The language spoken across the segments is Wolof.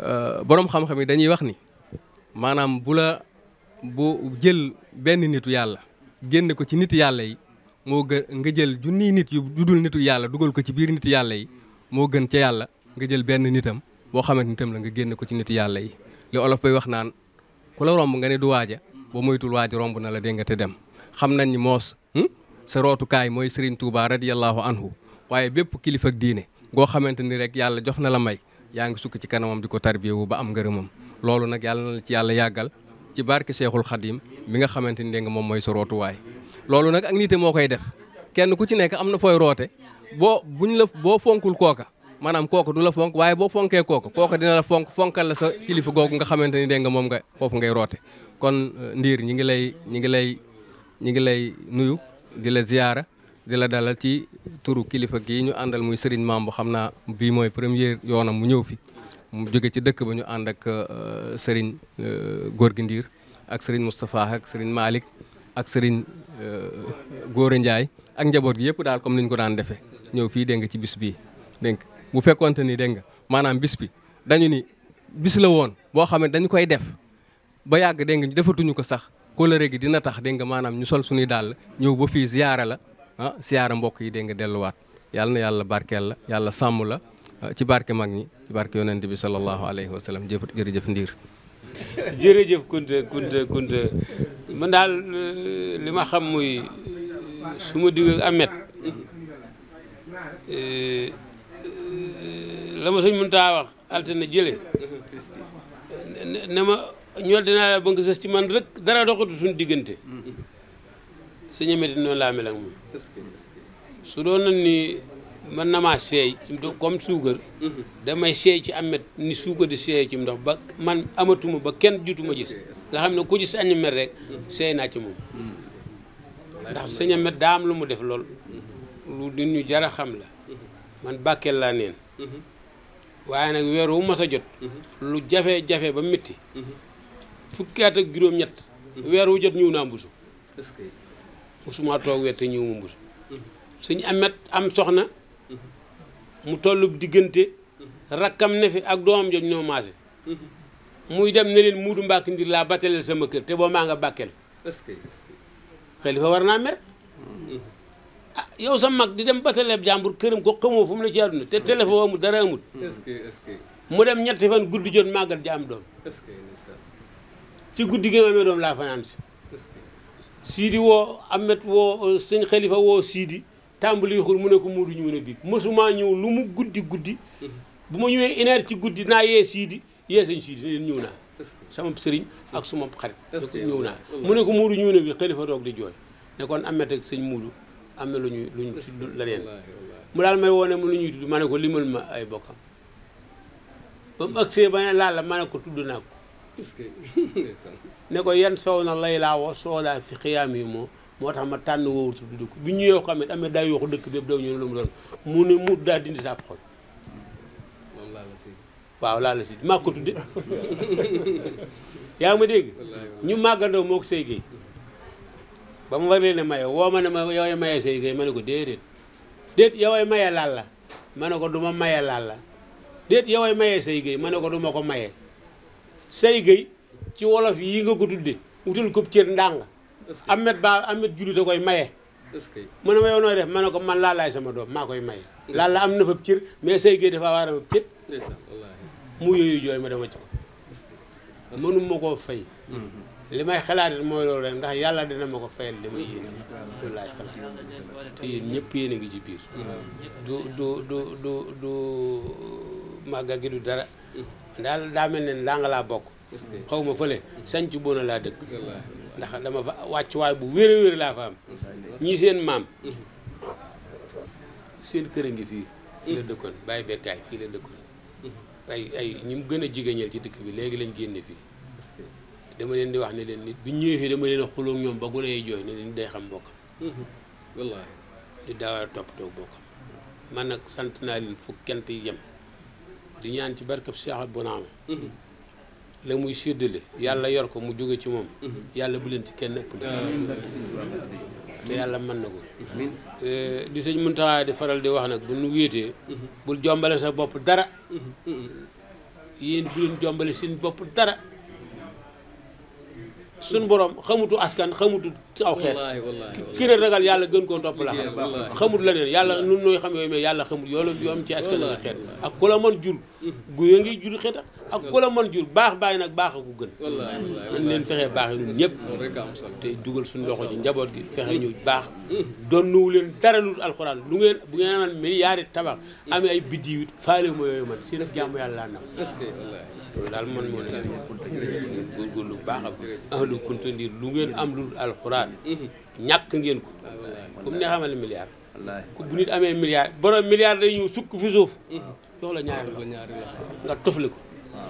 Euh, boroom xam-xam yi dañuy wax ni maanaam bu la bu jël benn nitu yàlla génn ko ci nitu yàlla yi moo gën nga jël junniy nit yu dul nitu yàlla dugal ko ci biir nitu yàlla yi moo gën ca yàlla nga jël benn nitam boo xamante nitam la nga génn ko ci nitu yàlla yi li olof bay wax naan ku la romb nga ne du waaja ba moytul waaja romb na la dégg nga te dem xam nañ ni moos hmm? sa rootukaay mooy Serigne Touba radiyallahu anhu waaye bépp kilifa ak diine goo xamante ni rek yàlla jox na la may yaa ngi sukk ci kanamam di ko tarbiyewu ba am ngërëmam loolu nag yàlla na la ci yàlla yàggal ci barke Cheikhul Khadim mi nga xamante ni nga moom mooy sa rootuwaay loolu nag ak moo koy def kenn ku ci nekk am na fooy roote boo buñ la boo fonkul kooka maanaam kooka du la fonk waaye boo fonkee kooka kooka dina la fonk fonkal la sa kilifa googu nga xamante ni dégg nga moom nga foofu ngay roote kon ndiir ñi ngi lay ñi ngi lay ñi ngi lay nuyu di la ziyaara di la dalal ci turu kilifa gii ñu àndal muy Serigne Mambo xam naa bii mooy première yoonam mu ñëw fi mu jóge ci dëkk ba ñu ànd ak euh, Serigne euh, Gorgui Ndiir ak Serigne Moustapha ak Serigne Malick ak Serigne euh, Gora Ndiaye ak njaboot gi yëpp daal comme ni ñu ko daan defee ñëw fii dégg nga ci bis bii dégg bu fekkonte ni dégg nga maanaam bis bi dañu ni bis la woon boo xam ne dañu koy def ba yàgg dégg nga defatuñu ko sax kóllëre gi dina tax dégg nga maanaam ñu sol suñuy dàll ñëw ba fii la ah siyaara mbokk yi dégg nga delluwaat yàlla na yàlla barkeel la yàlla sàmm la ci barke mag ñi ci barke yonent bi sallallahu alayhi wa sallam jëf jërëjëf ndiir jërëjëf kunta kunta kunta man daal euh, li ma xam muy suma ma digg ak amet euh, euh, la ma sëñ mën taa wax altine jële ne ma ñoo dinaa la ba nga ci man rek dara doxatu suñu diggante sëñ Amady noonu laa mel ak moom. su doon na ni mën na maa seey comme suukar. Mhm. damay seey ci amet ni suukar di seey ci ndox ba man amatuma ba kenn jutuma gis nga xam ne ku gis añ met rek seey naa ci moom. Mhm. ndax sëñ daa am lu mu def lool. Mhm. lu du ñu jar a xam la. man Bakel laa neen. waaye nag weer wu mas jot. lu jafe-jafe ba métti. fukki at ak juróom-ñett. weer wu jot ñëw naa mbusu. musuma toog weer te ñëw ma mbusu suñu amet am soxna mu tollu diggante rakkam ne fi ak doomam jooju ñoo maase muy dem ne leen muudu mbàkk ndir laa battaleel sama kër te boo maa nga bàkkeel xalifa war naa mer ah yow sa mag di dem battaleel jàmbur këram ko xamoo fu mu ne ci àdduna te téléphone amul dara amul mu dem ñetti fan guddi jot màggal ja am doom ci guddi gi ma doom laa fanaan siidi woo Ahmed woo euh, sëñ Xalifa woo siidi tàmbali xul mu ne ku muudu ñu mën a biig mësumaa ñëw lu mu guddi guddi mhm. bu ma ñëwee une heure guddi naa yee siidi yee sëñ siidi ne leen ñëw naa sama sëriñ ak suma xarit ñëw naa mu ne ko muudu ñu mën biig Xalifa doog di jooy ne kon Ahmed ak sëñ muudu am na lu ñuy lu ñu daal may woone mu ñuy tudd ma ne ko limal ma ay bokkam ba mu agsee ba ne laal la ko tudd naa ko ne ko yan sow na lay laa wa soolaa fi xiyaam yi moo moo tax ma tànn wóor tudd dëkk bi ñu yoo xam ne amee day yooxu dëkk bépp daw ñu ne lu mu doon mu ne mu daal dindi sa ab xol waaw laa la si maa ko tudde yaa ngi ma dégg ñu màggandoo moo ko Seye Gueye ba mu war leen maye woo ma ne ma yow maye Seye Gueye ma ne ko déedéet déet yow maye laal la ma ne ko du ma maye laal la déet yow ay maye Seye Gueye ma ne ko du ma ko maye say gay ci wolof yi nga ko tudde wutal ko cër ndàng amet ba amet julli da koy maye mu ne ma yow nooy def ma ne ko man laalaay sama doom maa koy maye laala am na fab cër mais say gay dafa war a fab cër mu yooyu jooy ma dama jox mënu ma koo fay mm-hmm. li may xalaat mooy loolu rek ndax yàlla dina ma ko fayal li ma yéene mm-hmm. loolu laay xalaat te yéen ñëpp yéen a ngi ci biir mm-hmm. du du du màggal gi du dara daal daa mel ne ndaa nga laa bokk xaw ma fële sanc boona laa dëkk ndax dama fa wàccuwaay bu wér a wér laa fa am ñii seen maam seen kër a ngi fii la dëkkoon bàyyi bekkaay fii la dëkkoon ay ay ñu mu gën a jigéeñal ci dëkk bi léegi lañ génne fii dama leen di wax ne leen nit bu ñu ñëwee fii dama leen a xuloo ñoom ba gune yi jooy ne day xam mbokkam wallaahi ñu daawar a toppatoo bokkam man nag sant naa leen fukk kent yem di ñaan ci barkab seexal bonaama mhm. la muy séddale yàlla yor ko mu jóge ci moom mhm. yàlla bu leen ci kenn ëpp te yàlla mën na ko di sëñ Muntaxa di faral di wax nag bu nu wéetee mhm. bul jombale sa bopp dara yéen bu jombale seen bopp dara suñ borom xamutu askan xamutu aw xeet ki ne ragal yàlla gën koo topp la xam xamut leneen yàlla nun nooy xam yooyu mais yàlla xamut yoolu yoom ci askan nga xeet ak ku la mën jur guya ngi jur xeet ak ku la mën jur baax yi nag baax aku gën nañ leen fexee baax ñun ñëpp te dugal suñu loxo ci njaboot gi fexe ñu mm. baax mm. doon nuwu leen dara lu alxuraan lu ngeen bu ngeen amaan milliards tabax amee ay biddiw it faale ma yooyu man si nag jàmm yàlla laa nam loolu daal man moo lu baax a ahlu kuntundir lu ngeen am lu alxuraan ñàkk ngeen ko comme ne xamal milliard ku bu nit amee milliard borom milliard day ñu sukk fi suuf la ñaari nga tofli ko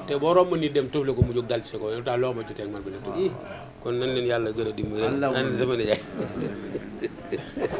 te boo romb nit dem tofli ko mu jóg dal ci sa kaw yow ma jotee ak man ba ne kon nan leen yàlla gën mu dimbali nan sama nijaay